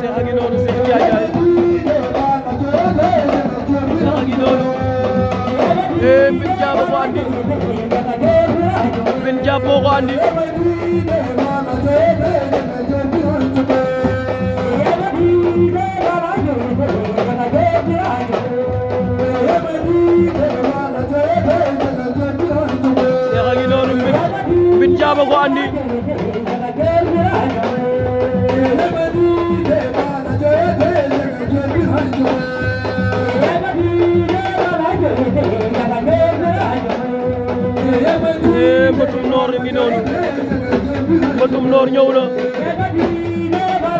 Cheikh a noonu Cheikh Ndiaye Cheikh a noonu ee eh, Mbine andi Bëtum Nord mi noonu Bëtum Nord ñëw na